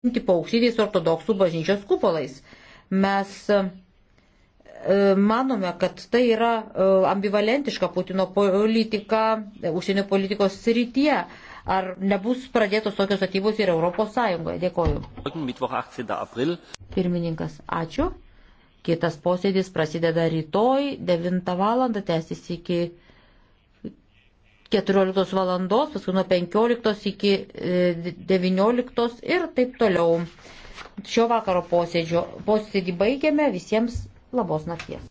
vadinti paukštytais ortodoksų bažnyčios kupolais. Mes e, manome, kad tai yra e, ambivalentiška Putino politika e, užsienio politikos srityje. Ar nebus pradėtos tokios atybos ir Europos Sąjungoje? Dėkoju. Pirmininkas, ačiū. Kitas posėdis prasideda rytoj 9 val. tęsis iki 14 valandos, paskui nuo 15 iki 19 e, ir taip toliau. Šio vakaro posėdžio posėdį baigiame visiems labos nakties.